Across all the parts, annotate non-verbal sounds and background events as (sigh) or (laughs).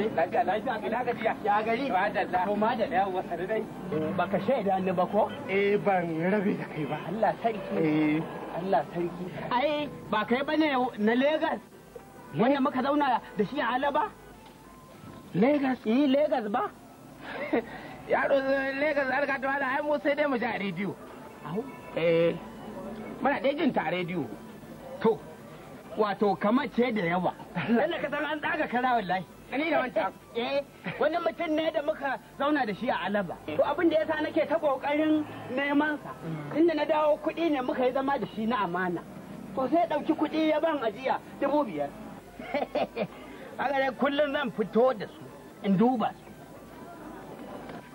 ina ne lafiya gajiya ya gari eh. ba dalla to ma da yawa sare dai baka shaida ni ba ko eh ban rabe da kai ba Allah sarki eh Allah sarki ai ba kai ba ne na Lagos eh? wanda muka zauna da shi a Alaba Lagos eh Lagos ba (laughs) yaro Lagos an gata wala ai mu sai dai mu ji a rediyo eh muna dai jin ta a rediyo to wato kamar ce da yawa. Lalle ka san an tsaga kara wallahi. da wancan eh wani mutum ne da muka zauna da shi a alaba to abin da yasa nake ta kokarin neman sa inda na dawo kuɗi ne muka yi zama da shi na amana to sai ɗauki kuɗi ya ban ajiya dubu biyar (laughs) haka dai kullum zan fito da su in duba su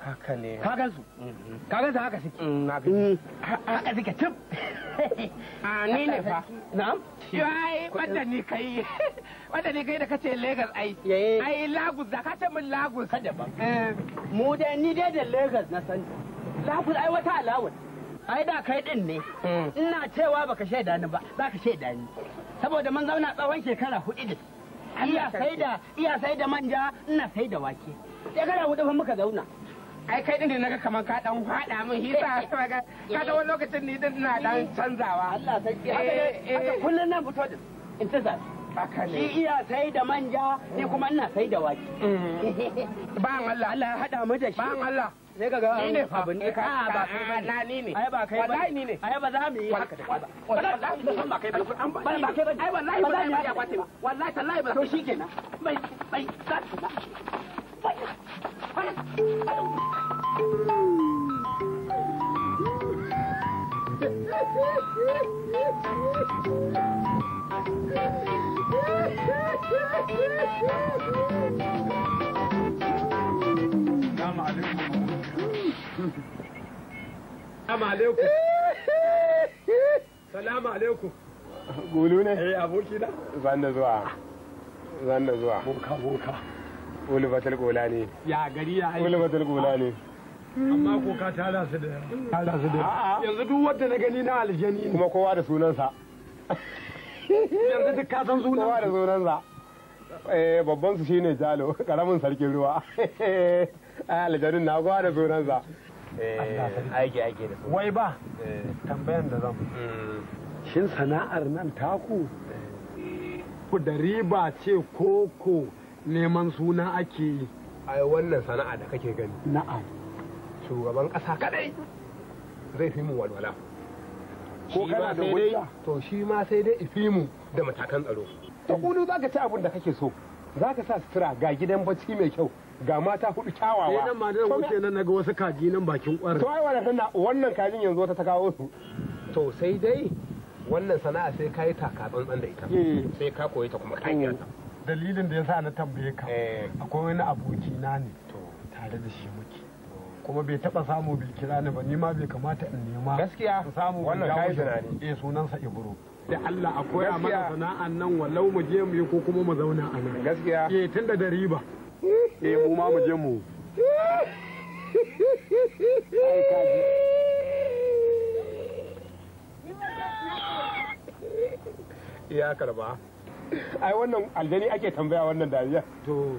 haka ne ka su mm-hmm. ka su haka suke mm, na gani mm, haka suke cip (laughs) a ni ne fa na'am ai wanda ni kai (laughs) wanda ni kai da kace Lagos ai ai Lagos da kace min Lagos kada ba eh, mu dai ni dai da Lagos na sani Lagos ai wata alawar ai da kai din ne mm. ina cewa baka shaida ni ba za ka shaida ni saboda mun zauna tsawon shekara hudu da iya sai da iya sai da manja ina sai da wake shekara hudu fa muka zauna ai kai din naga kamar ka dan hada min hisa kaga kaga wani lokacin ni din na dan canzawa Allah sarki haka eh, eh. kullun nan fito da intisar haka ne shi iya sai da manja ni kuma ina sai da waki. Mm. ban (laughs) Allah Allah ya hada mu da shi ban Allah sai ga ni ne ka ah, ba kai na ni ne ai ba kai ba ni ne ai ba za mu yi haka da kai ba ba kai ba ba ba kai ba ai wallahi ba za mu yi haka ba wallahi tallahi ba to shikenan bai bai za Salamu alaikum. Gulu ne? Eh, abokina. Zan da zuwa. Zan da zuwa. Boka, boka. ulfatul gula ne ya gari ya aiki ulfatul gula ne amma ko ka tara su da tara su da yanzu duk wanda na gani na aljani kuma kowa da sunansa yanzu duk ka san sunan kowa da sunansa eh babban su shine jalo (laughs) karamin sarkin ruwa eh (laughs) aljanin na kowa da sunansa eh, aiki aiki da su wai ba eh. tambayan da zan hmm. shin sana'ar nan taku ku da riba ce koko neman suna ake yi wannan sana'a da kake gani na'am shugaban ƙasa kadai zai fi mu walwala ko kana da wuta to shi ma sai dai ifi mu da matakan tsaro ta za zaka ci abin da kake so zaka sa sutura ga gidan bacci mai kyau ga mata hudu kyawawa Sai eh, nan ma da wuce nan naga wasu kaji nan bakin kwarin to ai wannan wannan kajin yanzu ta ta kawo su to sai dai wannan sana'a sai ka yi taka tsantsan da ita eh. sai ka koyi ta kuma dalilin da ya sa na tambaye ka eh. akwai wani aboki na ne tare da shi muke kuma bai taba samu bil kira ni ba nima bai kamata in nema gaskiya samu wannan kai tunani eh sunansa Ibro da Allah akwai a mana sana'an nan walau mu je mu yi ko kuma mu zauna a nan gaskiya eh tunda da riba eh mu ma mu je mu iya karba ai wannan aljani ake tambaya wannan dariya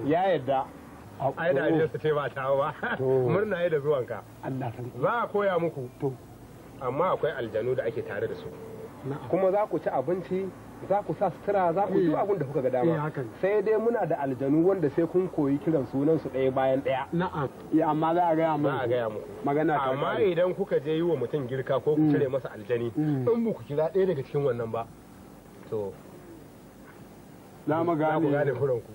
ya yadda ai da dariyar su ce ba ta ba murna yi da zuwanka za a koya muku amma akwai aljanu da ake tare da su kuma za ku ci abinci za ku sa sutura za ku duk eh. abin da kuka ga dama eh, sai dai muna da aljanu wanda sai kun koyi kiran sunan su ɗaya bayan ɗaya na'am ya eh, amma za a gaya mu magana ta amma idan kuka je yi wa mutum girka ko ku mm. cire masa aljani mm. in ku kira ɗaya daga cikin wannan ba to na mu gane na gane furan ku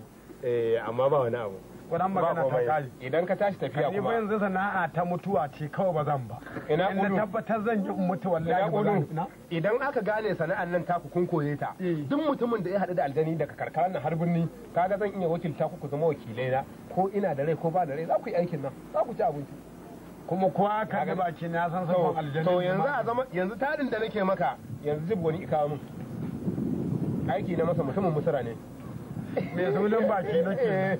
eh amma ba wani abu kudan magana ta kare idan ka tashi tafiya kuma yanzu sana'a ta mutuwa ce kawai ba zan ba ina kudu tabbatar zan yi mutu wallahi ba zan idan aka gane sana'an nan taku kun koye ta eh. duk mutumin da ya haɗu da aljani daga karkaran nan har birni kaga zan iya wakilta ku ku zama wakilai na ko ina da rai ko ba da rai za ku yi aikin nan za ku ci abinci kuma kowa ka ga baki na san sabon aljani to yanzu a zama yanzu tarin da nake maka yanzu zib wani ikamun aiki na masa musamman musara ne mai sunan baki na ke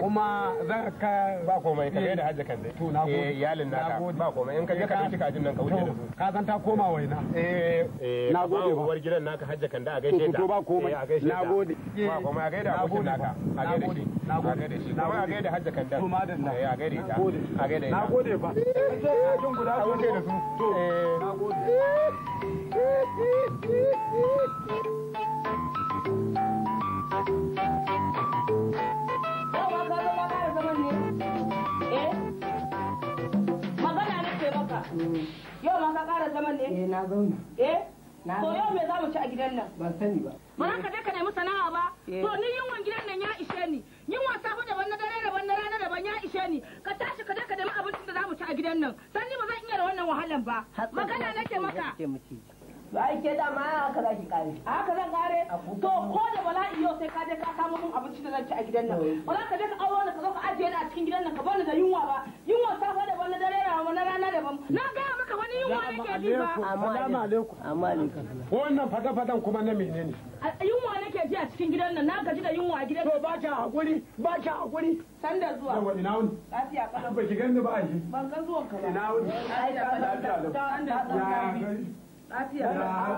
kuma za ka ba komai ka da hajji kan to na gode eh, iyalin naka ba komai in ka je ka dauki kajin nan ka wuce da su ka san ta koma waina eh, eh na gode ba uwar gidan naka hajji kan da a gaishe ta to ba komai eh, na gode ba komai a gaida abokin naka a gaida shi na gode a gaida hajji kan da to madalla a gaida ta a gaida na gode ba a wuce da su to na gode Eh, eh, yau ma ka ƙara zaman ne? Eh na zauna. Eh? To yau me za mu ci a gidan nan? Ban sani ba. Ba ka je ka nemi sana'a ba? To ni yunwan gidan nan ya ishe ni. Yunwan safe daban na dare daban na rana daban ya ishe ni. Ka tashi ka je ka nemi abincin da za mu ci a gidan nan. Sanni ba zan iya da wannan wahalan ba. Magana nake maka. to ai ke da ma haka za kare haka zan kare to ko da bala'i yau sai ka je ka samu mun abinci da zan ci a gidan nan ba za ka je ka auro ka zo ka ajiye ni a cikin gidan nan ka bani da yunwa ba yunwa safa da ban na dare da na rana da ban na ga maka wani yunwa yake ji ba amma alaikum amma alaikum wannan fada fadan kuma na menene yunwa nake ji a cikin gidan nan na gaji da yunwa a gidan to ba hakuri ba ki hakuri san da zuwa yawa ina wuni lafiya ba ki ganni ba a shi ban ga zuwan ka ba ina wuni lafiya san da zuwa lafiya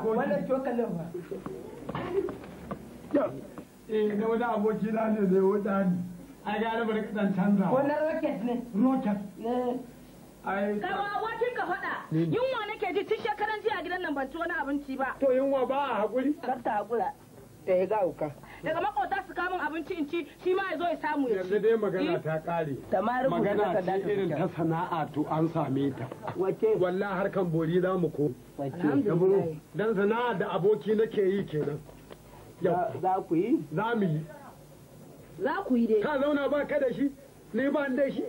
wanda cokalin ba eh na wani aboki na ne zai wuta ni a gane bari kadan canza wani rocket ne rocket ne eh. kawo abokin ka faɗa yunwa nake ji tun shekaran jiya gidan nan ban ci wani abinci ba to yunwa ba a haƙuri kar ta haƙura ta yi ga daga makota su kamun abinci in ci shi ma ya zo ya samu ya ci yanzu dai magana eh? ta kare magana ce irin ta sana'a to an same ta wallahi harkan bori za mu ko dan sana'a da aboki nake yi kenan za ku yi za mu yi za ku yi dai ka zauna ba ka da shi ni ba da shi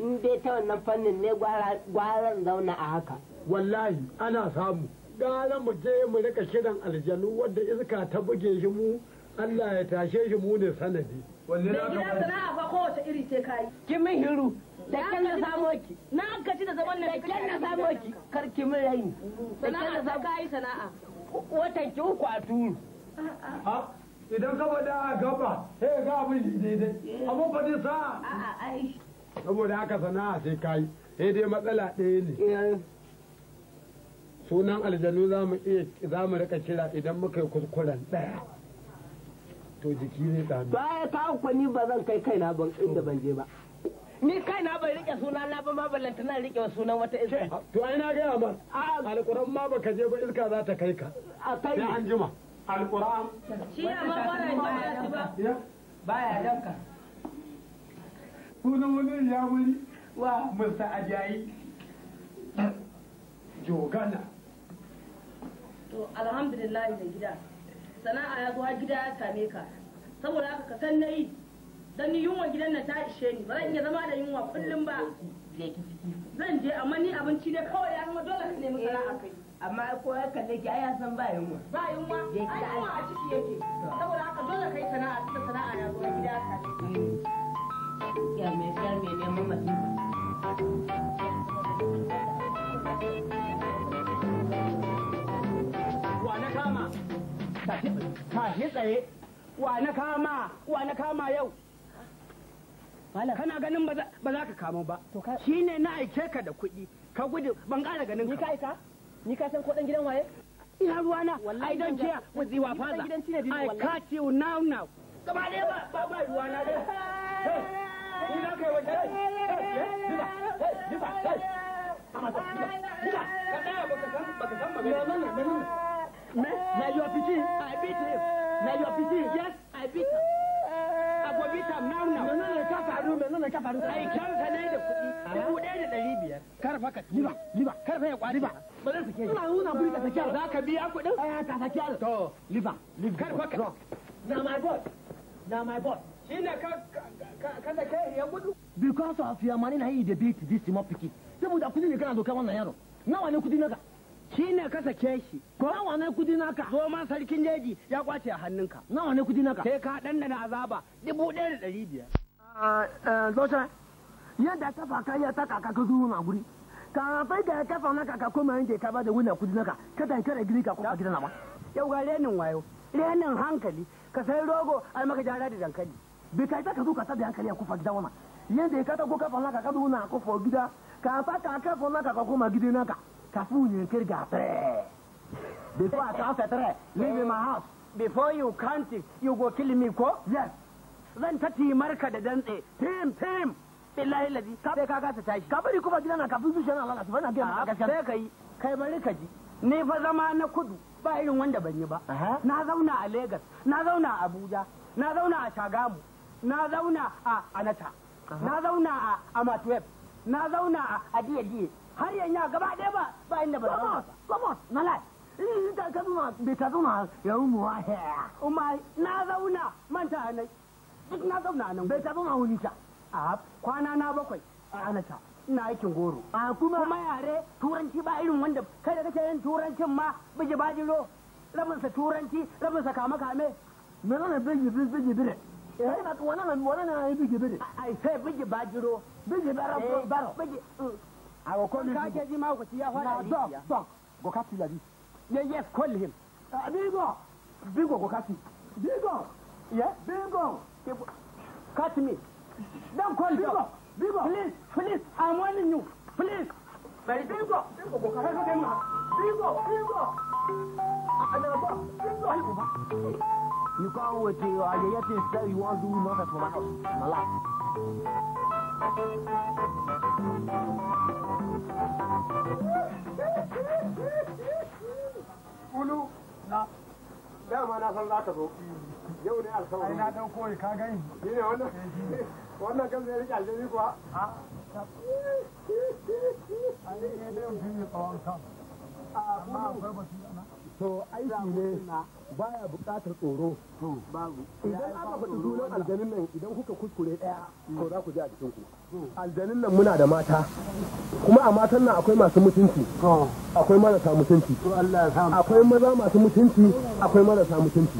in dai ta wannan fannin ne gwaran zauna a haka wallahi ana samu gara mu je mu rika kiran aljanu wadda iska ta buge shi mu Allah ya tashe shi mu ne sanadi. Wanne na gida sana'a fa kowace iri ce kayi. Ki min hiru da kyan na samo ki. Na anka ci da zaman nan da kyan na samo ki kar ki min raini. Sana'a ta kayi sana'a. Watan ki uku a turu. Idan ka faɗa a gaba sai ga abin shi daidai. Abin faɗi sa'a. Saboda haka sana'a sai kayi. Sai dai matsala ɗaya ne. Eh. sunan aljanu za mu iya za mu rika kira idan muka yi kuskuren ɗaya to jiki zai tsami baya ta ni ba zan kai kaina ban inda ban je ba ni kaina bai rike sunan na ba ma ballanta na rike sunan wata iska to ai na gaya ma alquran ma baka je ba iska za ta kai ka sai an jima alquran shi ya ma bara ba ya baya danka sunan wani ya wuri wa musta ajayi jogana alhamdulillah da gida sana'a ya zuwa gida ya same ka saboda haka ka san nayi dan ni yunwa gidan na ta ishe ni ba zan iya zama da yunwa kullum ba zan je amma ni abinci ne kawai ya zama dole ka nemi sana'a kai eh, amma ko ya kalle ki ai san ba yunwa ba yunwa ai a ciki yake saboda haka dole kai sana'a ta sana'a ya zuwa gida ka mm. ya me sar me neman masifa tashi tsaye wa na kama wa na kama yau kana ganin ba za ka kamo ba shi na aike ka da kuɗi ka gudu ban ƙara ganin ka ni ka ni ka san ko dan gidan waye ina ruwana i don't care with the wafaza i catch you now now gaba ɗaya ba ba ba ruwana dai ni za ka yi wajen diba diba diba diba diba ka tsaya baka san baka san magana na your pikin i beat him na your pikin yes i beat him i go beat him now now No, ka faru no, ka faru no, no, ne da kuɗi dubu ɗaya da biyar karfa ka liba liba karfa ya kwari ba ba zan sake ina nuna buri ka sake za ka biya kuɗin ai ka sake to liba liba karfa ka na my boy na my boy shine ka ka ya gudu because of your money na he debate this mob pikin saboda kuɗi ne kana zo wannan yaro nawa ne kuɗi na ka shi ne ka sake shi ko nawa ne kudi naka zo ma sarkin jeji ya kwace a hannunka nawa ne kudi naka sai ka na azaba dubu ɗaya da ɗari biyar ah, eh, zoce yadda ta faka ya ta kaka ka zuwa guri fai da ya kafa na kaka koma yanke ka ba da wuna kudi naka ka kare giri ka kuma gidan ma yau ga renin wayo renin hankali ka sai rogo ai maka jara da dankali bi ka ta ka zo ka tada hankali a kufa gidan wana yadda ya kata ko kafa na kaka zuwa na kufa gida ta kaka kafa na kaka koma gidan naka Kafu, you can get Before I come three, leave my house. Before you count it, you go kill me, ko? Yes. Zan ta marka da dantse, tim, tim. Billahi lazi, sai ka kasa tashi. Ka bari kuma gidana kafin zuciya na lalata, bana biya maka gaskiya. Sai ka kai bari ka ji. Ni fa zama na kudu, ba irin wanda ban yi ba. Na zauna a lagos. na zauna a Abuja, na zauna a Shagamu, na zauna a Anata, na zauna a Amatweb, na zauna a Adiye Diye, har yanya gaba ɗaya ba ba inda ba zauna ba komos malai eh, ta ka ma bai ta zama ya rumu wa umma na zauna manta nan duk na zauna nan bai ta zama wuni ta a kwana na bakwai a anata ina aikin goro a kuma kuma yare turanci ba irin wanda kai da kake yin turancin ma biji bajiro rabinsa turanci rabinsa kame kame me zana biji biji bire eh wannan wannan yi biji bire ai sai biji bajiro biji barabaro eh, biji I will call كل حاجة دي ما قلت يا هلا دوك دوك غوكاتي يا دي Bingo, bingo, go catch him. Bingo. Yeah? Bingo. Catch me don't call بيجو bingo. please please I'm warning you please bingo, بيجو بيجو بيجو أنا Bingo, bingo. Ah, you can't wait till I get this that you want to do nothing for my house, my life. Kulu. Na. Dama na san za ka zo. Yau ne alkawari. Ai na dan koyi ka gani. Ni ne wannan. Eh, wannan kan zai rike aljani kuwa. Ah, A. Ai ne dai mutum ne tsawon kan. to aiki ne baya bukatar tsoro idan aka faɗi sunan aljanin nan idan kuka kuskure ɗaya to za ku ji a jikin ku aljanin nan muna da mata kuma a matan nan akwai masu mutunci akwai marasa mutunci akwai maza masu mutunci akwai marasa mutunci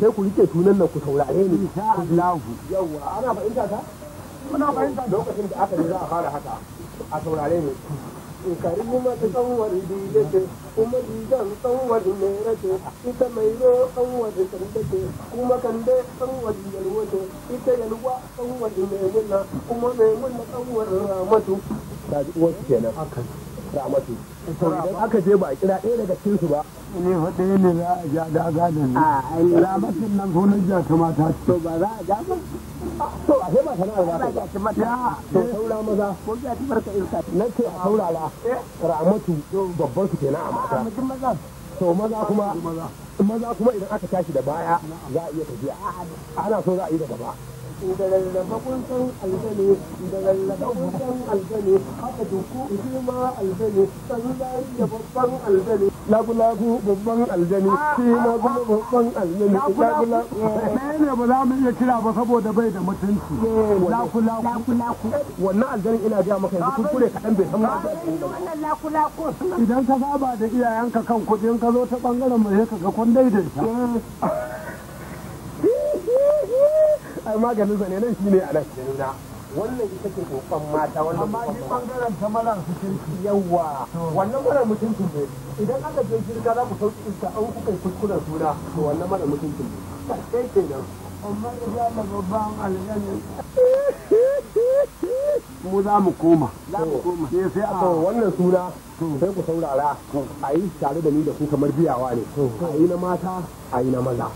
sai ku rike sunan nan ku saurare ni yawa ana fahimta ta muna fahimta lokacin da aka ne za a fara haka a saurare ni ಕರಿಯುಮ ಸಂವರಿ ದೀಜತೆ ita ಸಂವರಿ ಮೇರತೆ ಇತ ಮೈರೋ mai ಕಂದತೆ ಕುಮ ಕಂದೆ ಸಂವರಿ ಎಲ್ವತೆ ಇತ ಎಲ್ವ ಸಂವರಿ ಮೇಮುನ ಕುಮ ಮೇಮುನ ಸಂವರಿ ramatu ta ji uwarsu kenan ramatu idan aka je ba a kira ɗaya daga cikin su ba ne fa ɗaya ne za a ja daga da ni ramatun nan ko na ja kamata to ba za a ja ba to a sai ba sana'ar ba ta ba to saura maza ko ya ci barka irka na ce a saurara eh? ramatu babban su kenan a mata to maza kuma maza kuma idan aka tashi da baya za a iya tafiya ana so za a yi da gaba da da duku babban lagu-lagu babban aljani shi ma babban aljani lagu-lagu ne ba za mu iya kira ba saboda bai da mutunci lagu-lagu wannan aljani ina biya maka yanzu kuskure kaɗan bai san wannan idan ka saba da iyayenka kan kuɗin ka zo ta ɓangaren mai ka ga kun daidaita ai maganin sa ne nan shine a nan wannan ita ce kokon mata wannan amma ni bangaren ta malan su kirki yawa wannan mara mutuncin ne idan aka je shirka za ku sauki iska an kuka yi kuskuren suna to wannan mara mutuncin ne sai ke nan amma ya na babban aljanni mu za mu koma za mu koma eh, sai aka wannan suna sai ku saurara a yi tare da ni da ku kamar biyawa ne a yi na mata a yi na maza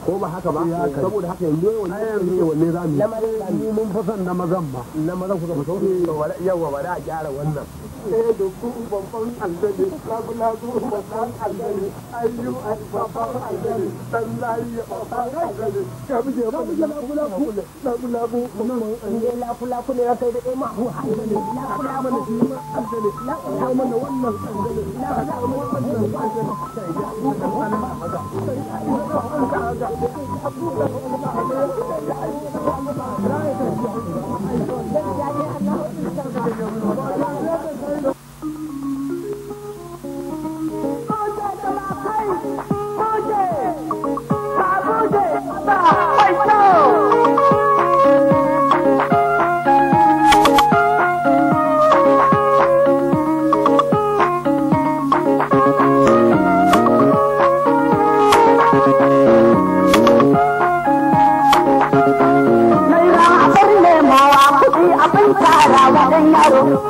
ko ba haka ba saboda haka yanzu wanne wanne za mu yi mun fasan na mazan ba na mazan kuka fa yawa ba da a gyara wannan eh da ku babban aljani lagu babban aljani ayyu a babban babban je ba ne mana wannan kangalin na haɗa mana wannan kangalin sai ya yi da ɗan ɗan ɗan ɗan ɗan ɗan ɗan ɗan ɗan ɗan ɗan ɗan Oh,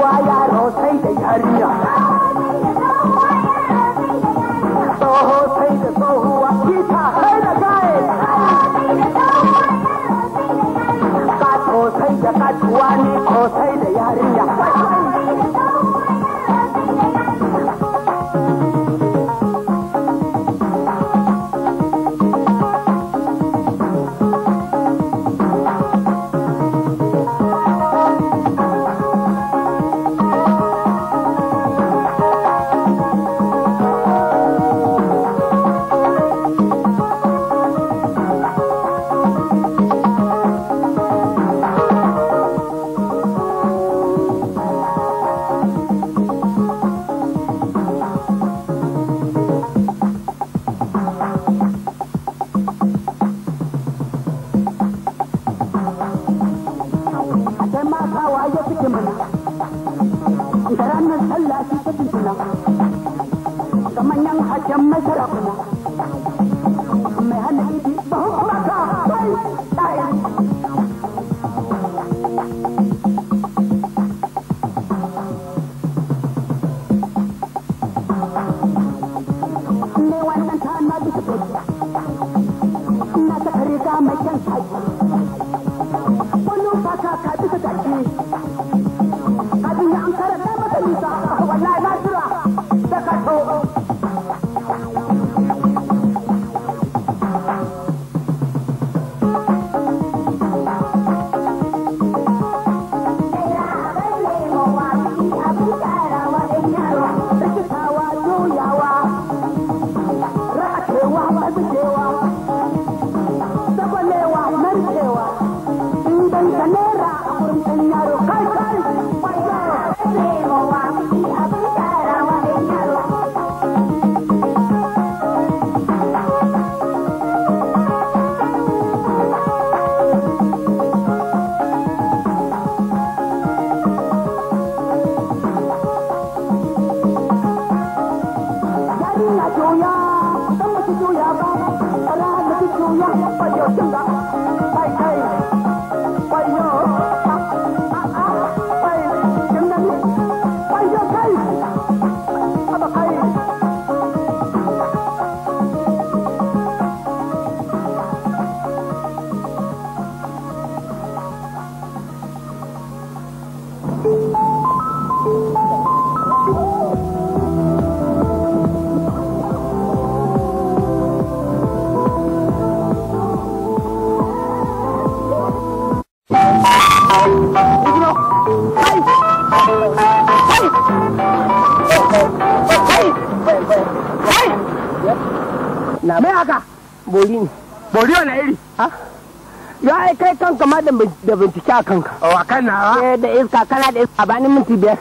ɗauki a kanka. O a kan nawa? Eh da iska kana da iska ni minti biyar.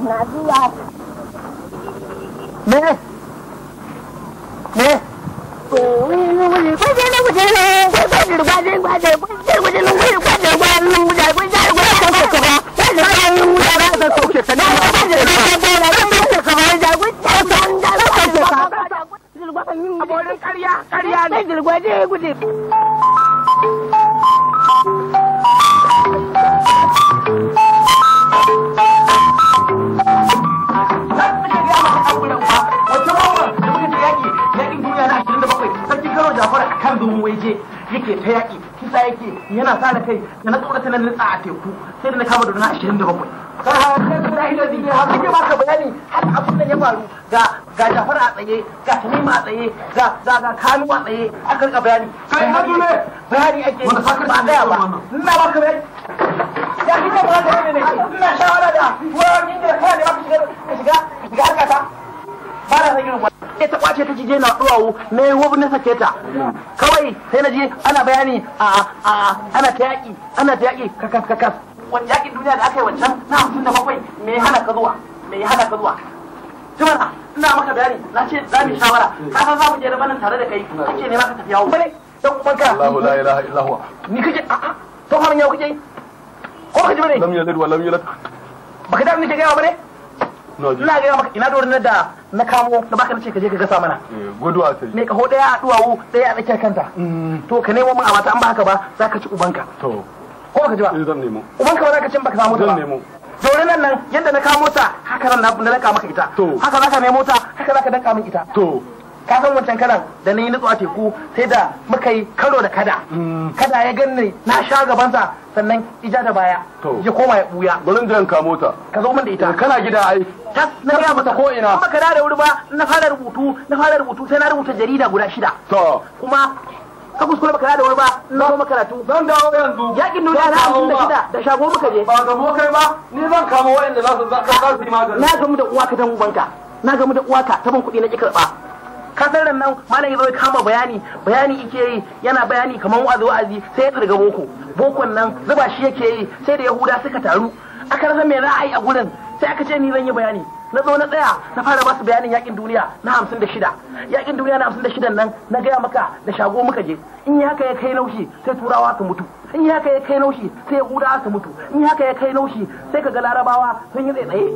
Na zuwa. Me? Me? Gwaje-gwaje kare kai da na tsorata na nutsa a teku sai da na kama duna ashirin da bakwai. da kai Ake maka bayani har abin da ya faru ga ga Jafar a tsaye ga Tamima a tsaye ga ga ga Kanu a tsaye aka rika bayani. Kai na dole bayani ake yi ba daya ba. Ina baka bayani. Ya kike ba da ne ne. Ina shawara da wani je na duwawu na yi wabu na sake ta kawai sai na je ana bayani a a ana ta yaƙi ana ta yaƙi kakas kakas wani yaƙin duniya da aka yi wancan na hamsin da bakwai me hana ka zuwa me hana ka zuwa tumana ina maka bayani na ce za mu shawara ka san za mu je rabanin tare da kai ake nema ka tafi yawo bane dan uwanka Allahu la ilaha illa huwa ni kake a'a to har yau kake ko kake bane lam yalid wa lam yulad baka da ni kake yawo bane ina ga maka ina dorin da na kamo na baka nace ka je ka gasa mana eh, guduwa sai me kaho daya a duwawu daya a tsakiyar kanta mm. to ka nemo mun a mata an ba haka ba zaka ci ubanka to ko ka ji ba eh, zan nemo ubanka ba zaka ci baka samu ta ba zan nemo dorin nan nan yadda na kamo ta haka nan na daka maka ita to haka zaka nemo ta haka zaka daka min ita to ka san wancan karan da na yi nutsu a teku sai da muka yi karo da kada mm. kada ya ganni na sha gabansa sannan ija da baya ya koma ya buya gurin da ka mota ka zo min da ita eh, kana gida ai tas na ga mata ko ina kuma kada da wuri ba na fara rubutu na fara rubutu sai na rubuta jarida guda shida to kuma ka kuskure kada da wani ba na zo makaratu zan dawo yanzu yakin nuna na hamsin da shida da shago muka je ba gamo kai ba ni zan kama waɗanda za su za su yi magani na gamu da uwa ka dan ubanka na gamu da uwa ka ta ban kuɗi na ki karɓa kasarar nan malam ya kama bayani bayani ike yi yana bayani kamar wa'azi wa'azi sai ya farga boko bokon nan zuba shi yake yi sai da yahuda suka taru aka rasa mai za a yi a gurin sai aka ce ni zan yi bayani na zo na tsaya na fara basu bayanin yakin duniya na hamsin da shida yakin duniya na hamsin da shidan nan na gaya maka da shago muka je in yi haka ya kai laushi sai turawa su mutu in haka ya kai naushi sai yahuda su mutu in haka ya kai naushi sai ka ga larabawa sun yi tsaye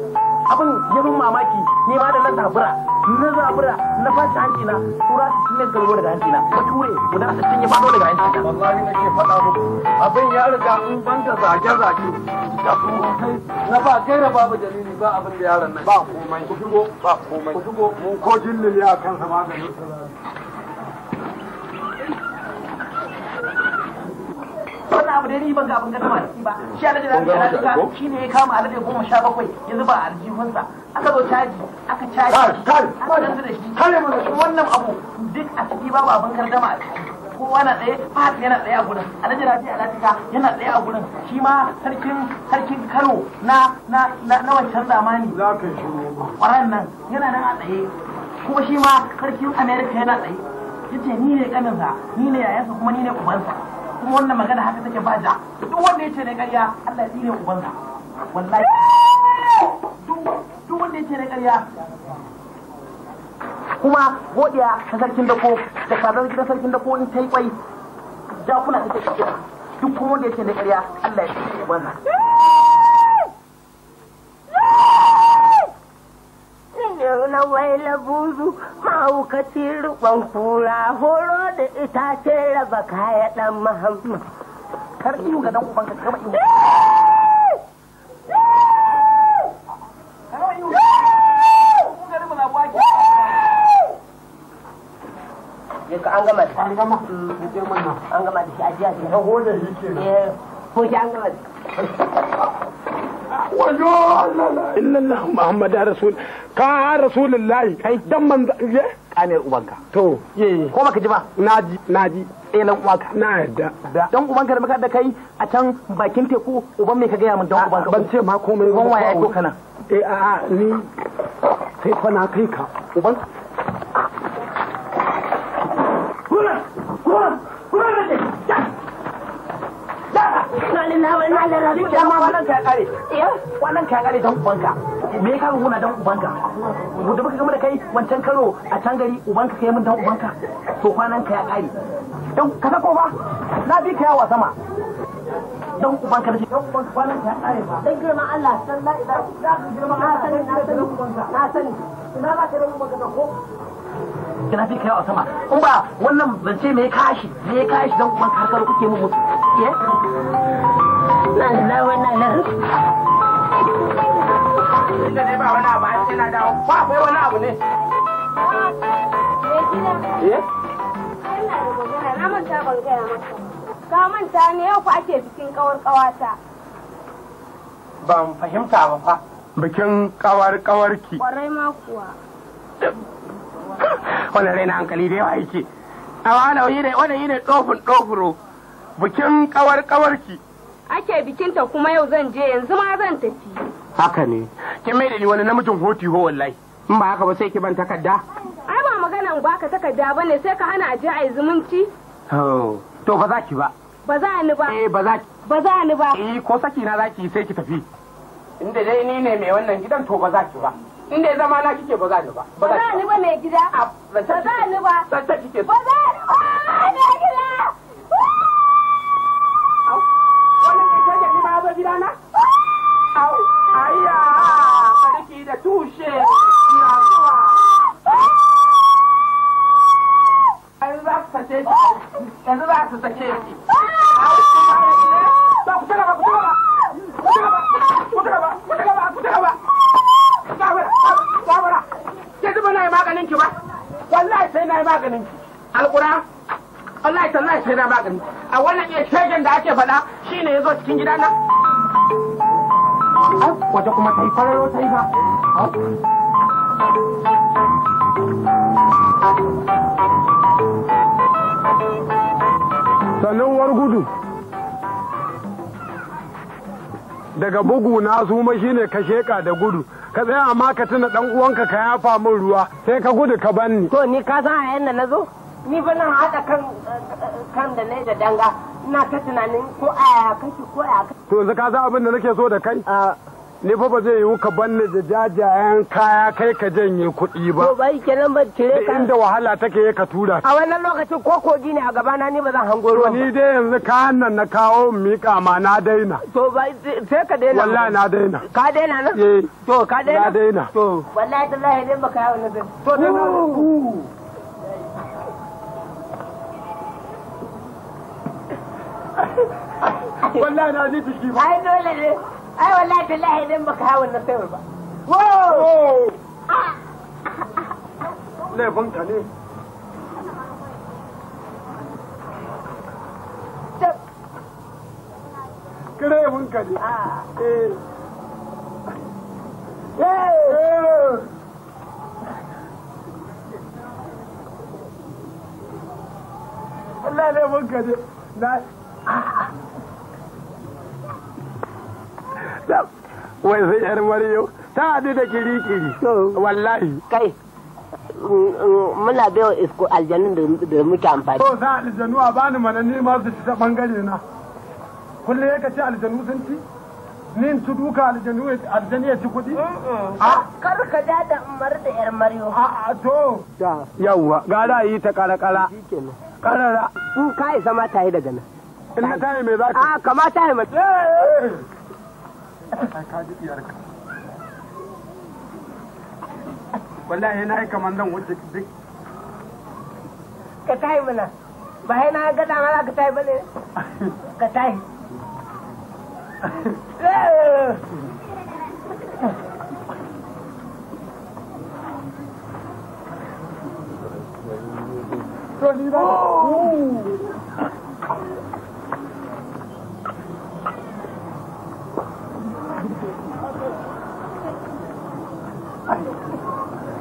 abin ya bin mamaki ne ma da na zabura na zabura na fashi hanci na tura su cinye su daga hanci na ture guda su cinye na wallahi faɗa muku abin ya ba babu dalili akan sa wannan abu da ni ban ga abin da shi ba shi alade da ya shi ne ya kama alade goma sha bakwai ya zuba a aljihunsa aka zo caji aka caji aka danzu da shi wannan abu duk a ciki babu abin gardama a ciki kowa na tsaye fahad yana tsaye a gurin alhaji rafi alatika yana tsaye a gurin shi ma sarkin sarkin na na na wancan zamani kwaran nan yana nan a tsaye kuma shi ma sarkin america yana tsaye yace ni ne kaninsa ni ne yayansa kuma ni ne ubansa kuma wannan magana haka take ba da duk wanda ya ce na ƙarya Allah ya tsire ubansa wallahi duk wanda ya ce na ƙarya kuma godiya ta sarkin dako da kazar gidan sarkin dako in ta yi kwai da ta take duk kuma wanda ya ce na ƙarya Allah ya tsire ubansa na waila buzu mahaukacin rikon kura horo da itace raba kaya dan mahamma kar iyo ga dan uban ka gaba iyo Yanka an gama da. shi gama. Mm, an gama da shi ajiya. Eh, ko shi an gama da. shi. wajo Allah illallah Muhammad rasul ka rasulullahi kai dan manzo je kanin ubanka to ko baka ji ba naji naji eh nan uwanka na yadda dan ubanka da maka da kai a can bakin teku uban me ka gaya min dan ubanka ban ce ma komai ban waya to kana eh a'a ni sai fa na kai ka uban inna inna ilaihi don dama wannan ka eh wannan ka kare ubanka me ka ubanka da gama da kai wancan karo a can gari ubanka kai mun dan ubanka to kwanan ka ya kare ka sako ba na bi ka yawa sama don ubanka da shi Don ubanka kwanan ka ya kare ba dan girman Allah sallallahu Allah na sani na sani ina ba ka da ubanka ko kina fi kai a sama in ba wannan ce me kashi me shi kashi dan ubanka har kuke mu eh Allah wani abu an ce na dawo. akwai wani abu ne. Na manta ban gaya Ka manta ne yau ake bikin kawar kawata. Ban fahimta ba fa. Bikin kawar kawarki. Kwarai ma kuwa. Wannan raina hankali da yawa yake. A wani yi ne tsofin tsofuro. Bikin kawar kawarki. ake bikinta kuma yau zan je yanzu ma zan tafi haka ne kin mai da ni wani namijin hoti ho wallahi in ba haka ba sai ki ban takarda ai ba maganan baka takarda ne, sai ka hana aje ai zumunci oh to ba za ki ba ba za ni ba eh ba za ki. ba za ni ba eh ko saki na zaki sai ki tafi inda dai ni ne mai wannan gidan to ba za ki ba in dai zama na kike ba za ni ba ba za ni ba mai gida ba za ni ba ah, ba za ni ba mai gida gidana? Au, ayya, sarki da tushe, ina zuwa. za su sace yanzu za sai na maganin A wannan iya da ake faɗa shine ya zo cikin gidana. wata gudu daga bugu na su shine ka sheka da gudu ka tsaya amma ka tuna dan uwanka ka yafa min ruwa sai ka gudu ka banni to ni ka san a yanda na zo ni ba nan haɗa kan kan da ne da danga ina ta tunanin ko a kake ko a to ka za abin da nake so da kai ni fa ba zai yiwu ka banne da jajayen kaya kai ka janye kuɗi ba. To bai kenan ba tire ka. Inda wahala take ka tura. A wannan lokacin ko kogi ne a gabana ni ba zan hango ruwa. Ni dai yanzu ka nan na kawo miƙa ma na daina. To bai sai ka daina. Wallahi na daina. Ka daina na? Eh. To ka daina. Na daina. To wallahi tallahi dai baka yawo na daina. To daina. ake wallahi na ji jiki ba ai dole ne ai wallahi billahi idan baka hawa ah. eh. eh. na sayar ba wow laifin ka ne laifin ka ne eh Allah ne mun wai sai yar mariyo ta haɗu da kirikiri wallahi kai muna bewa isko aljanun da muke amfani to na aljanu a bani mana ni ma su ci ta bangare na kullum yake ce aljanu sun ci nin tu duka aljanu aljanu ya ci kuɗi a ah! kar ka da da umar da yar mariyo a a to yawwa gara yi ta karakara karara in ka yi zama ta yi daga nan in ta yi me za ka a ah, kamata yi mace eh, eh, eh. kaji iyarka wallahi na yi kamar nan wuce duk ka tayi mana ba hai na gada mara ka tayi bane ka tayi Oh!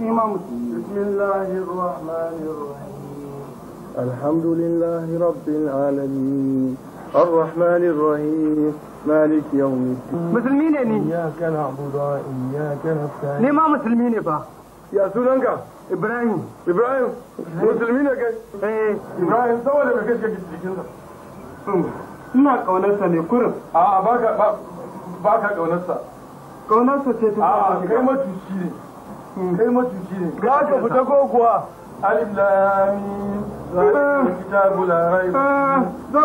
إمام بسم الله الرحمن الرحيم الحمد لله رب العالمين الرحمن الرحيم مالك يوم ne إياك نعبد ma musulmi ne fa ya sunanka Ibrahim Ibrahim musulmi ne kai eh. Ibrahim saboda ka kace cikin sa hmm. ina kaunarsa ne kurin a ba ka ba ka kaunarsa kaunarsa ce ta a kai mutunci ne kai matuci ne za ka fita ko kuwa alif lamin zan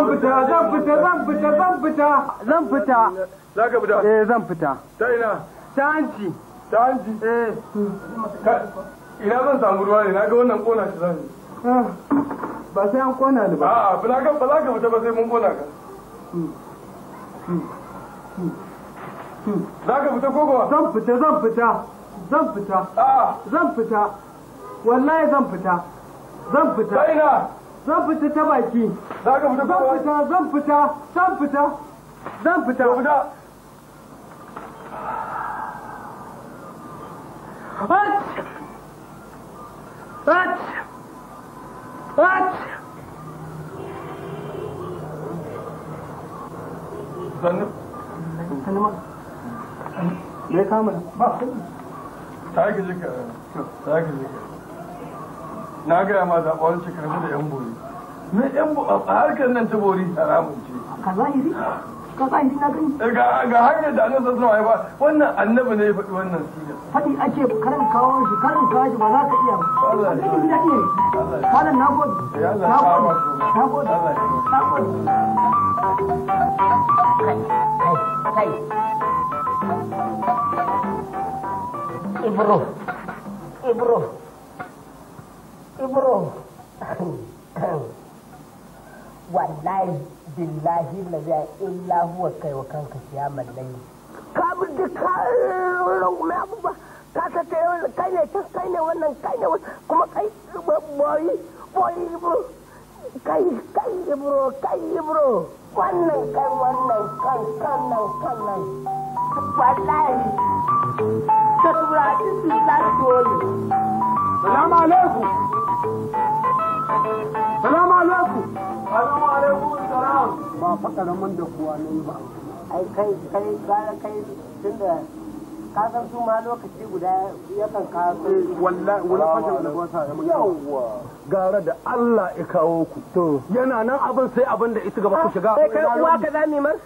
fita zan fita zan fita zan fita zan fita za ka fita eh zan fita ta ina ta hanci ta hanci eh ina zan samu ruwa ne na ga wannan kona shi zan ah. ba sai an kona ni ba a'a ba za ka fita ba sai mun kona ka hmm. Hmm. Hmm. za ka fita ko kuwa zan fita zan fita zan fita zan fita wallahi zan fita zan fita zan fita ta baki zan fita zan fita zan fita zan fita What? What? What? Sannu? Sannu ma? Me kama? Ba sannu. ta jika ta jika na gaya ma zaɓa wani shekaru da yan bori na yan bori a harkar nan ta bori haramun ce ka zahiri ka zahiri na gani eh, ga hanyar da annabi sallallahu alaihi ba wannan annabi ne ya faɗi wannan sigar faɗi ake karin kawo shi karin kawo shi ba za ka iya ba na iya kalan na gode eh, na gode na gode na gode kai kai ibro ibro ibro wallahi billahi la za illa huwa kai wa kanka kiyamar layi ka bi da ka rungume abubuwa ka ka kai ne ta kai ne wannan kai ne kuma kai boyi boyi ibro kai kai ibro kai ibro wannan kai wannan kan kan nan kan nan wallahi ta turaki su alaikum. alaikum. alaikum Ba man da kuwa ne ba. Ai kai kai gara kai ka san su ma lokaci guda su. Eh, wallahi wani fashin albasa ya mutu. Yawwa. Gara da Allah ya kawo ku. To. Yana nan abin sai abin da ita gaba ku shiga. Ah, kai uwa ka zame mas?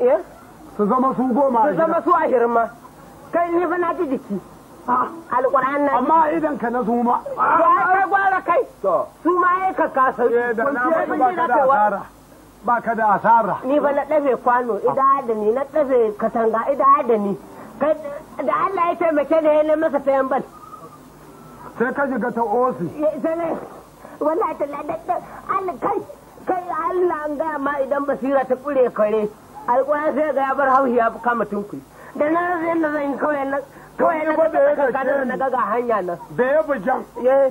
Eh? Su zama su goma. Su zama su a hirma. kai ni fa na ji jiki alƙur'an na amma idan ka na zuma ba ka gwara kai su ma ya ka kasa eh, ba ka da asara ni ba na ɗabe kwano ida da ni na ɗabe katanga ida da ni da Allah ya taimake ni ne masa tayan ban sai ka shiga ta osi wallahi ta ladadda an kai kai Allah an ga ma idan basira ta kure kare alƙur'an sai ga ya bar hauhi ya kama tunkuri da na zai zan kawai na kawai da ya bujan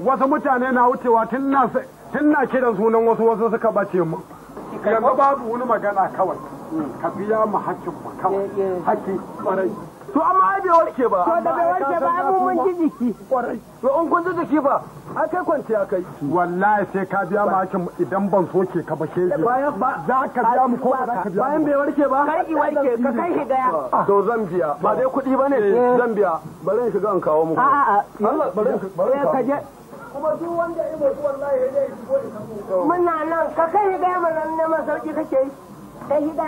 wasu mutane na wucewa tun na tun na kiran sunan wasu wasu suka bace mu yanzu babu wani magana kawai ka biya mu hakkin mu kawai hakki kwarai to amma ai bai warke ba to da bai warke ba ai mun ji jiki to in kun ji jiki ba ai kai kwanciya kai wallahi sai ka biya mu hakin idan ban soke ka ba ke bayan ba za ka biya mu ko ba za ka biya bayan bai warke ba kai ki warke ka kai shi gaya ah. to zan biya ba dai kuɗi bane eh. zan biya bari in shiga in kawo muku a'a Allah bari eh, ka je kuma duk wanda ya mutu wallahi ya je ko ya samu muna nan ka kai gaya ne na masauki kake kai hida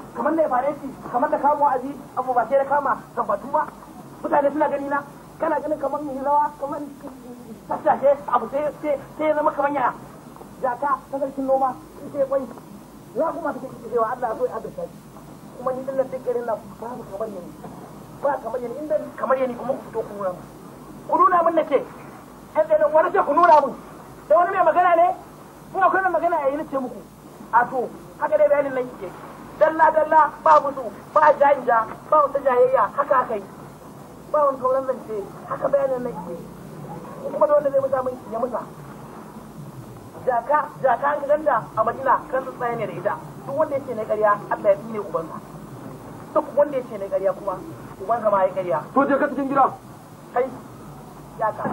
kamar na fareti kamar da kamo azi abu ba sai da kama batu ba mutane suna gani na kana ganin kamar mai rawa kamar tattashe abu sai ya zama kamar ya jaka ta sarkin noma sai kwai za kuma take cewa Allah so ya adalta shi kuma ni dillan duk garin ba babu kamar yani ba kamar yani inda kamar yani kuma ku fito ku nuna mu ku nuna mun nake ɗan ɗan wani ce ku nuna mun da wani mai magana ne ko kuma mai magana yayi nace muku a to haka dai bayanin nan yake dalla dalla ba musu ba janja ba wata jayayya haka kai ba wani kauran zance haka bayanin na ke kuma da wanda zai musa mun ya musa jaka jaka an ganda a madina kan su tsaye ne da ita duk wanda yake na ƙarya Allah ya ne ubansa duk wanda yake na ƙarya kuma ubansa ma ya ƙarya to je ka cikin gida kai jaka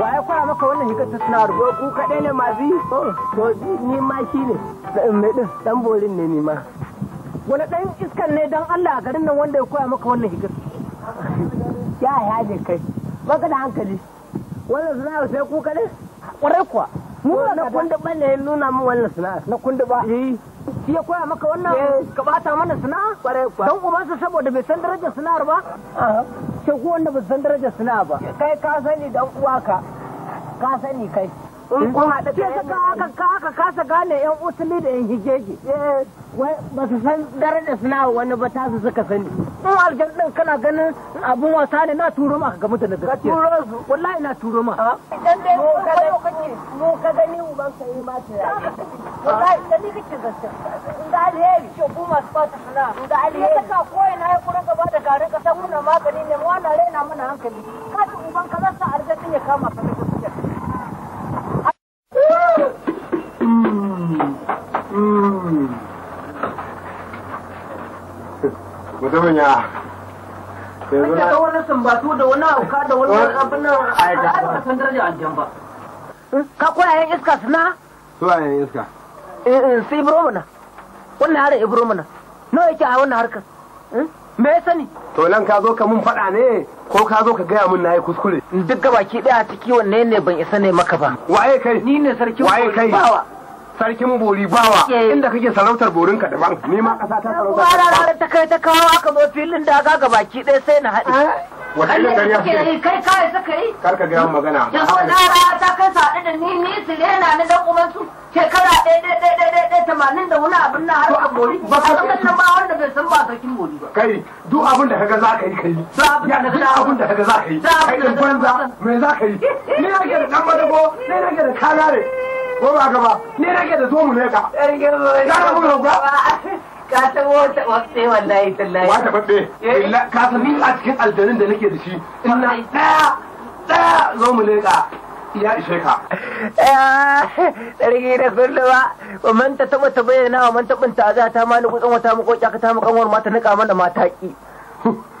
wa ya kwara maka wannan hikar ta suna rubo ku kaɗai ne mazi oh. to ni ma shi ne eh, mai ɗin ɗan borin ne ni ma wani ɗan iskan ne don Allah a garin nan wanda ya koya maka wannan hikar ya ya ne kai baka da hankali wannan suna sai ku kaɗai ƙwarai kuwa mu na kunda ba ne nuna min wannan sana'a na kunda ba eh. shi ya koya maka wannan eh. ka bata mana sana'a ƙwarai kuwa don ubansa saboda bai san darajar sana'ar ba shegu wanda ba san darajar suna ba kai ka sani dan uwa ka ka sani kai Hmm? ka kasa gane da yan hijeji eh, wai ba su san suna wani ba ta su suka sani in aljan din kana ganin abun wasa ne na turo ma ka gamu da gaskiya turo su wallahi na turo ma ah. idan dai mu ka gani mu ka gani yi ma tira ah. wallahi da ni kike gaskiya in da alheri ke ku masu fata suna in da alheri ta koyi na kurin gaba da garin ka magani ne mu wannan raina mana hankali ka ji uban ka zan ya kama ka mutumin ya yanzu na wani sumbatu da wani auka da wani abin nan a san ba ka koyayen iska suna koyayen iska eh eh sai ibro mana wannan har ibro mana nawa yake a wannan harkar eh? me ya sani to nan ka zo ka mun faɗa ne ko ka zo ka gaya mun yi kuskure duk gabaki daya ciki wanne ne ban isa ne maka ba waye kai ni ne sarki waye kai bawa sarkin bori bawa inda kake sarautar borin ka daban ni ma kasa ta sarauta ba ta kai ta kawo aka zo filin da ga ga baki ɗaya sai na haɗe ah. wakilin gari kai kai kai suka yi kar ka ga magana ya so ra ta kai sa da ni ni su ne na da kuma su shekara ɗaya ɗaya ɗaya ɗaya tamanin da wani abin na ka bori ba ka san nan ba wanda bai san ba sarkin bori ba kai duk abin da kaga za ka yi kai ya da duk abin da kaga za ka yi kai banza me za ka yi ni ga da dan madago ni ga da kagare ko ba gaba ne nake da zo mu ne ka ɗan girma ne ka mu roƙa eh? ka san wata wasu wallahi tallahi wata babbe ka san min a cikin aljanin da nake da shi ina ɗaya ɗaya zo mu ne ka ya ishe ka tsarki da kulluma wa man ta taba ta bayyana wa man tabin ta za ta ma ni kutsan wata mu ko kyaka ta mu kanwar mata nika mana mata ki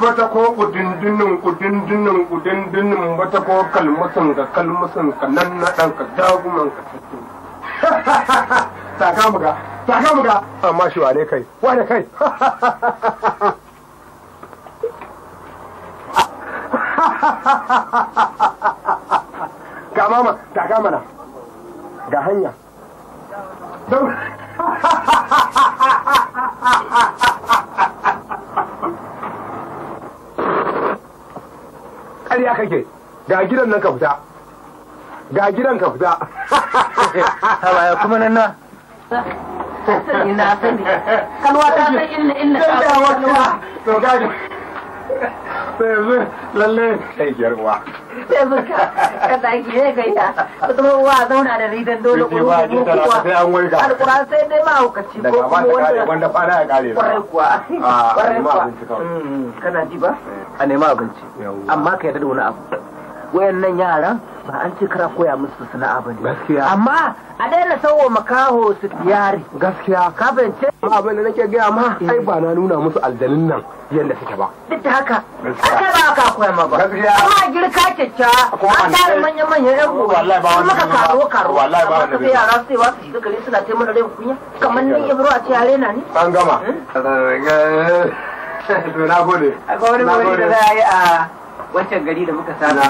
bata ko kudindinin kudindinin kudindinin bata ko kalmasan ka kalmasan ka nan na dan ka daguman ka tattun. muga, (laughs) saka muga. Amma shi wane kai, wane kai. (laughs) Ga mama, ga mana, ga hanya. Don. (laughs) kariya kake ga gidan nan ka fita ga gidan ka fita ya kuma nan na ina sani ta san inna inna ta wata to gaji sai yanzu lalle uwa yanzu ka ga kuma uwa zauna da ridan dole sai an alquran sai dai ma hukaci ko kuma wanda wanda fara ya kare a ah, mm, mm. kana ji ba eh. a nema abinci amma ka yarda da wani abu wayannan yaran ba an ce kara koya musu sana'a ba ne gaskiya amma a daina sawo makaho su yari gaskiya ka bance abin da nake gaya ma eh. ai ba na nuna musu aljanin nan yadda suke ba duk da haka aka ba ka koya ma ba gaskiya amma girka kyakkya an tare manyan manyan yan uwa wallahi ba wannan ka karo karo wallahi ba wannan sai yara su ba su gari suna taimaka da kunya kamar nan ibro a ce yare na ne an gama hmm? (laughs) to akwai wani da za a yi a wancan gari da muka sana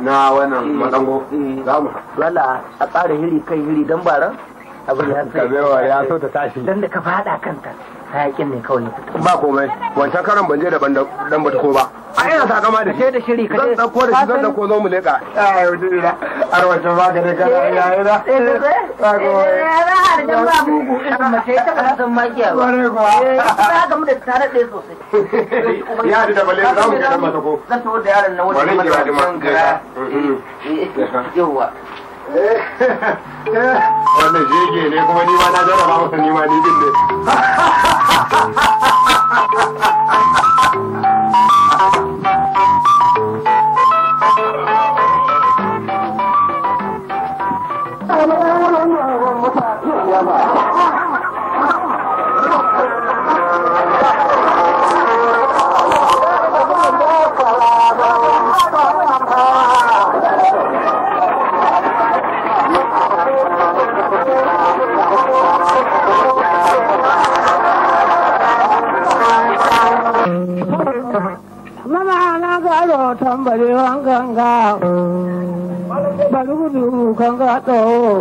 na wannan eh, madango eh. za mu wala a tsara hiri kai hiri dan baran abin (laughs) ya so ta tashi dan da ka fada kanta hayakin ne kawai ba komai wancan karan ban je da ban dan ko ba a ina sakama da shi da shiri ka zan dauko da shi zan dauko zo mu leka ar wancan ba da da da har da ba bugu eh, eh, (laughs) ta ba ko da eh, tare da sosai (laughs) ya da bale za mu ga dan ko zan da nan wani mm-hmm. yawa (laughs) wannan ne kuma ni ma na jarraba masa ni ma ni din ne 哎呀，我怎么这么傻呀 tham bà đi hoang khang ca bà lúc đủ khang ca tổ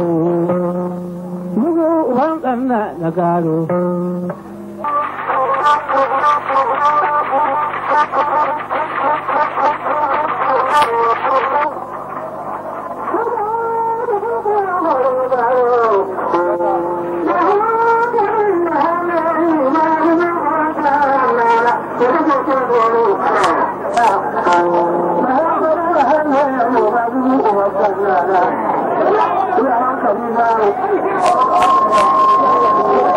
lúc hoang khang nạ nạ ca đủ Thank you. Thank you.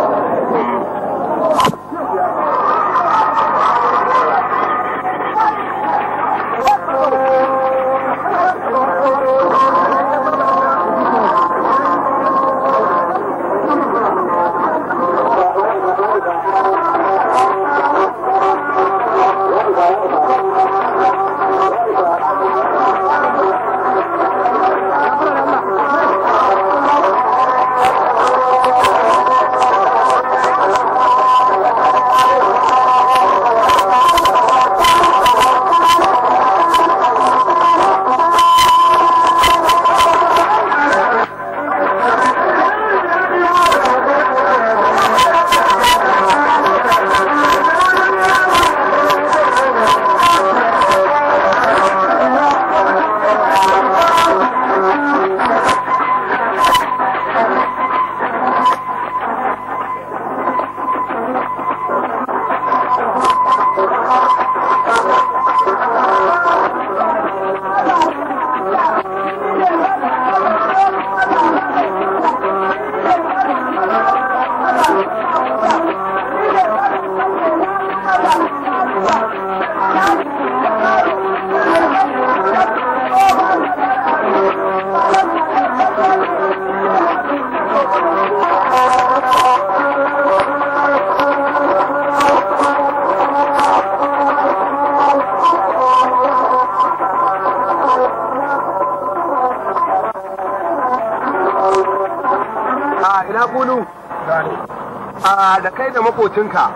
makocinka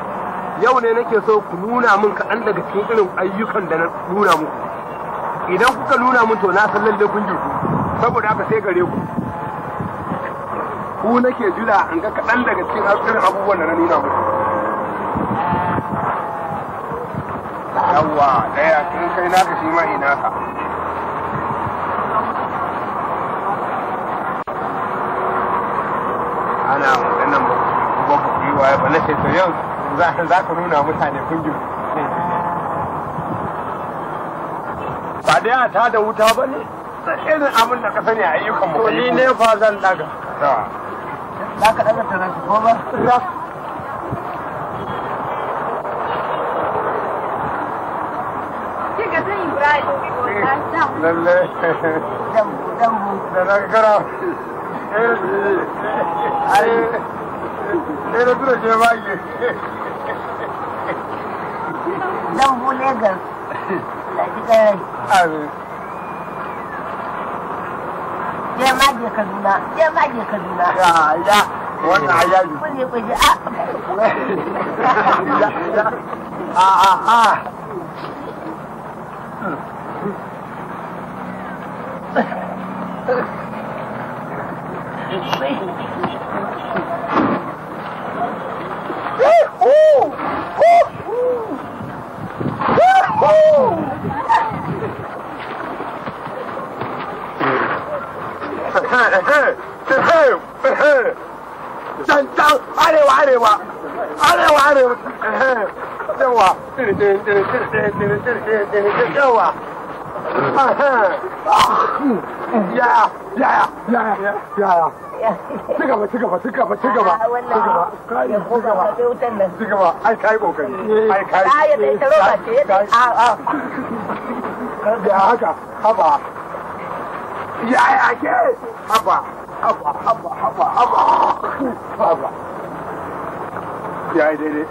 yau ne nake so ku nuna min kaɗan daga cikin irin ayyukan da na nuna muku idan kuka nuna min to na san lalle kun jirgu saboda haka sai gare ku ku nake jira in ga kaɗan daga cikin irin abubuwan da na nuna muku yawwa ɗaya kun kai naka shi ma ina to yau za ka nuna mutane kun ba dai a tada wuta ba ne irin abin da ka sani a ayyukan mu ni ne fa zan daga za ka daga ko ba Lalle. Da na Ai, Ele tudo de baile. Não vou negar. Lá de cara. Ah, Je ma je Kaduna, je ma je Kaduna. Ya ya, wannan ayyaji. Kuje kuje a. Ah. (laughs) Ya ya. a. Ah, ah, yawa yaya yaya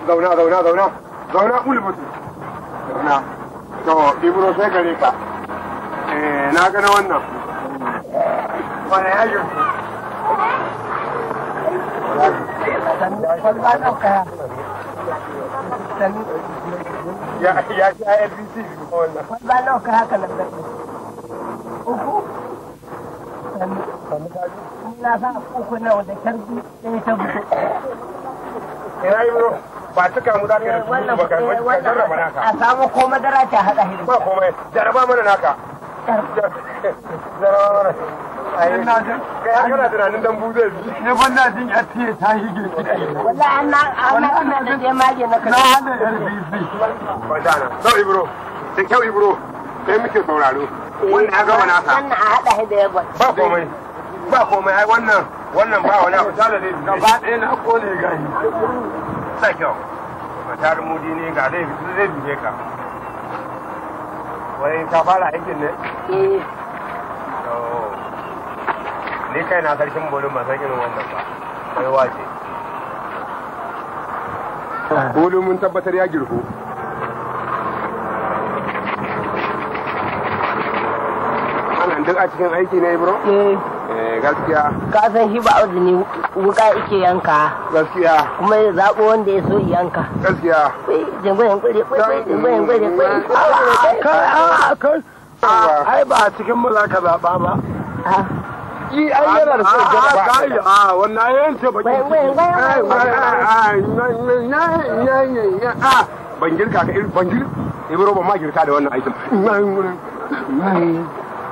zauna to ibro sai gare ka eh na ga na wannan wani ya ya ya a ya ya ya ya ya ya ya ya ya uku ya ya ya ya da ya ya ya ya ya ya ba su kamu za ka yi eh, ba ka jarraba naka a samu ko madara ta haɗa hirin ba komai jarraba mana naka jarraba mana dambu bi ne ta an na ba muke sauraro wannan ya eh, wannan a haɗa hida komai komai ai wannan wannan ba wani abu ta ne gaba ɗaya na kone gani ba kyau ka tari mudi ne ga zai zai dube ka wai ka fara aikin ne eh. ni kai na karshen bolin ba san irin wannan ba kai waje. bolin mun tabbatar ya girko ana duk a cikin aiki ne bro eh. gaskiya ka san shi ba audu ne wuka ike yanka gaskiya kuma ya zaɓo wanda ya so yanka gaskiya jangon ai ba a cikin mu za ka zaɓa ba ji ai yana da sai gaba a a wannan yan ce baki ban girka ka ban girka ibro ban ma girka da wannan aikin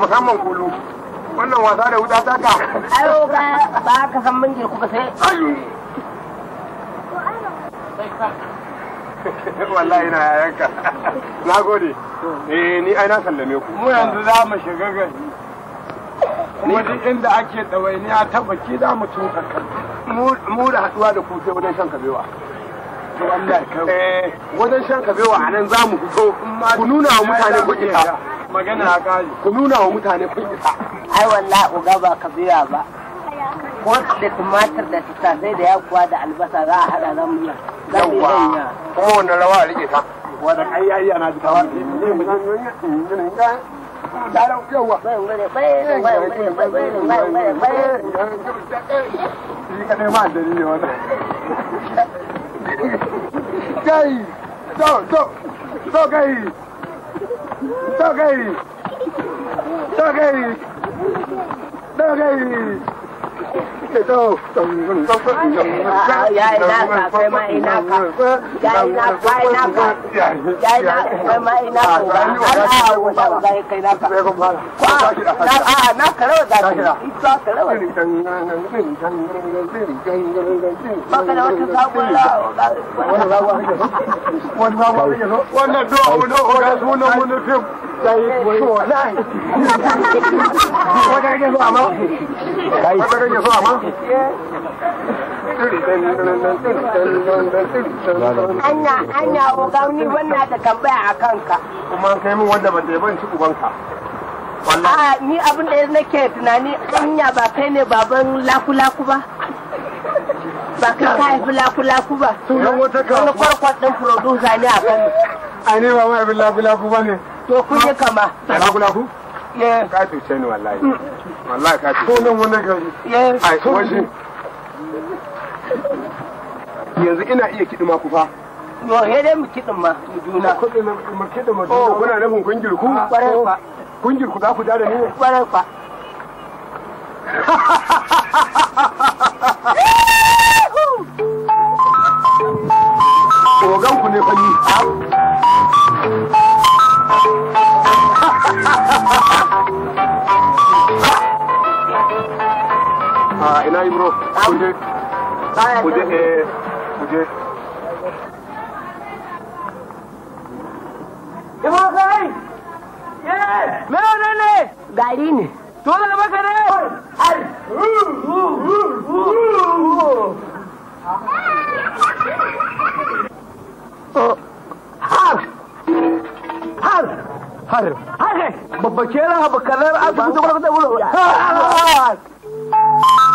musamman kulu wannan wasa da wuta ta ka ayo ba ba ka san mun girku ba sai ayu (laughs) wallahi na yayanka na gode eh ni ai na sallame ku mu yanzu za mu shiga gari kuma duk inda ake ɗawainiya ta baki za mu tuka kan mu da haɗuwa da ku sai wajen shan kabewa eh, wajen shan kabewa a nan za mu fito ku nuna wa mutane kuɗi magana kare ku nuna wa mutane kun isa ai wallahi uga ba ka biya ba ko da tumatir da tattasai da yakuwa da albasa za a hada zan miya yawa kowane rawa a rike ta wanda kai ana ji tawa ne mun nan yawa yawa Toca aí! Toca aí! Toca aí! ce to ya ina ka kai ma ina ka ya ina ka ina ka ya ina kai ma ina ka Allah wa ta ga kai na ka ko na a na karawa da ka ita karawa ne baka da wata sabuwa wannan zawa wannan zawa wannan do do da sunan mun fim sai ko wallahi ko da ke so amma kai ko da ke so amma Anya, anya, ogani wannan da tambaya a kanka. Kuma kai min wanda ba ta ban ci ubanka. A ni abin da nake tunani anya ba kai ne baban laku-laku ba. Ba kai ka haifi laku-laku ba. Sunan wata kawo. Wani kwarkwar ɗin producer ne a kanu. A ne ba mai abin laku-laku ba ne. To kun yi kama. Laku-laku? Eh. Ka cuce ni wallahi. Mm. wallahi ka ce nan wannan gari waje yanzu ina iya kiɗi ku fa yo he dai mu kiɗin ma mu juna mu kiɗin ma juna oh. kuna nufin kun girku ah, oh. kun girku za ku ja da ni ne ƙwarai fa Ogan ku ne fanyi. a ah, ina yi bro kuje kuje eh, kuje Ima kai! Ye! Me ne ne? Gari ne. To da Ai! Oh. Har! Har! Har! Har! Har!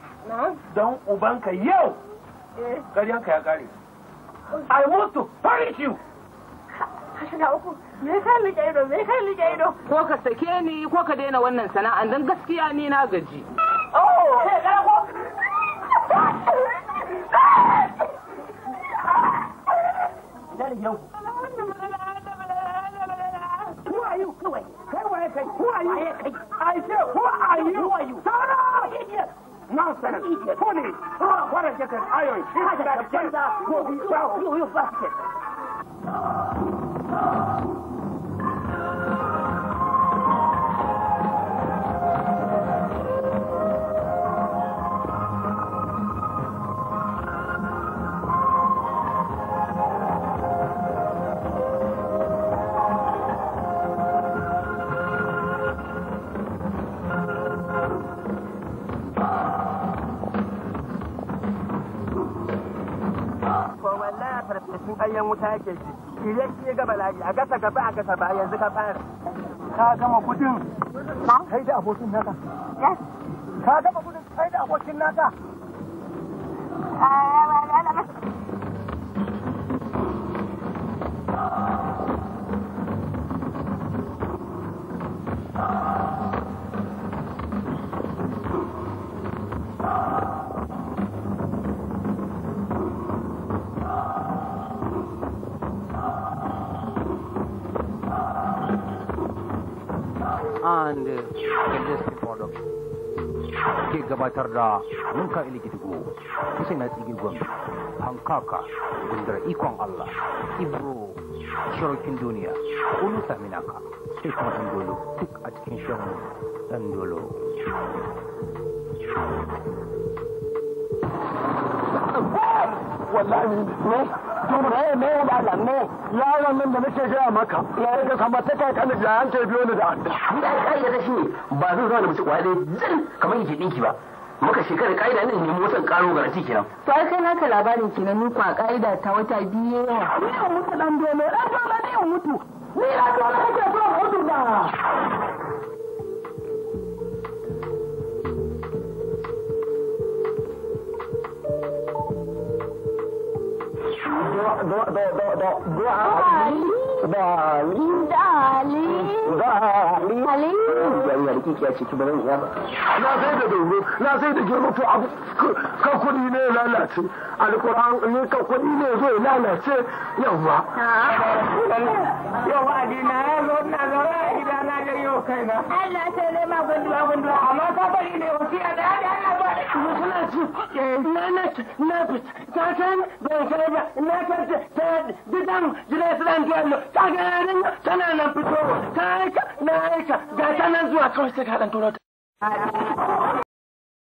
don ubanka yau eh. ƙaryanka ya ƙare I want to punish you me ka liƙe ido me ka liƙe ido ko ka sake ni ko ka daina wannan sana'a, don gaskiya ni na gaji oh are you? ko are you? who are you who are you who are you who are you are you? who are you who are you nonsense, funny. What is this iron? It's that agenda. You, you, you, you bastard. kafar da cikin ayyan wuta yake ci shirye ga bala'i a gasa gaba a gasa ba yanzu ka fara ka gama gudun kai da abokin naka ka gabatar da ninka iligidgo kusa na tsigigon hankaka gundar ikon allah ibro shirokin duniya ulu saminaka sai kuma ɗan dolo duk a cikin shirin ɗan dolo wallahi ne ne ne malam ne ya yaron nan da nake gaya maka yayin da kamar ta kai kana da yanke biyo ni da adda ni da kai da shi ba zan zo da mutum kwaye dai kamar yake dinki ba muka shekara ka'ida ne ni watan karo garanti kenan to ai kai naka labarin kenan ni kwa ka'ida ta wata biyu yawa ni ya mutu dan dole dan dole ne ya mutu ni na to kake so mutu da da da da da da da da halin halin ya riki ya ciki bazan iya ba na sai da dogo na sai da girma to abu kan ne lalace alquran e, ne kan kudi ne zai lalace yawa yawa dina ya zo na zara idan na ga yau kaina Allah sai ne ma gunduwa gunduwa amma ka bari ne wasiya da hada ana ba suna ci na na na ta san ban sai ba na ta ta gidan gidan islam ta ga tana nan fitowa ta na aika ga ta nan zuwa kawai sai ka dan turo ta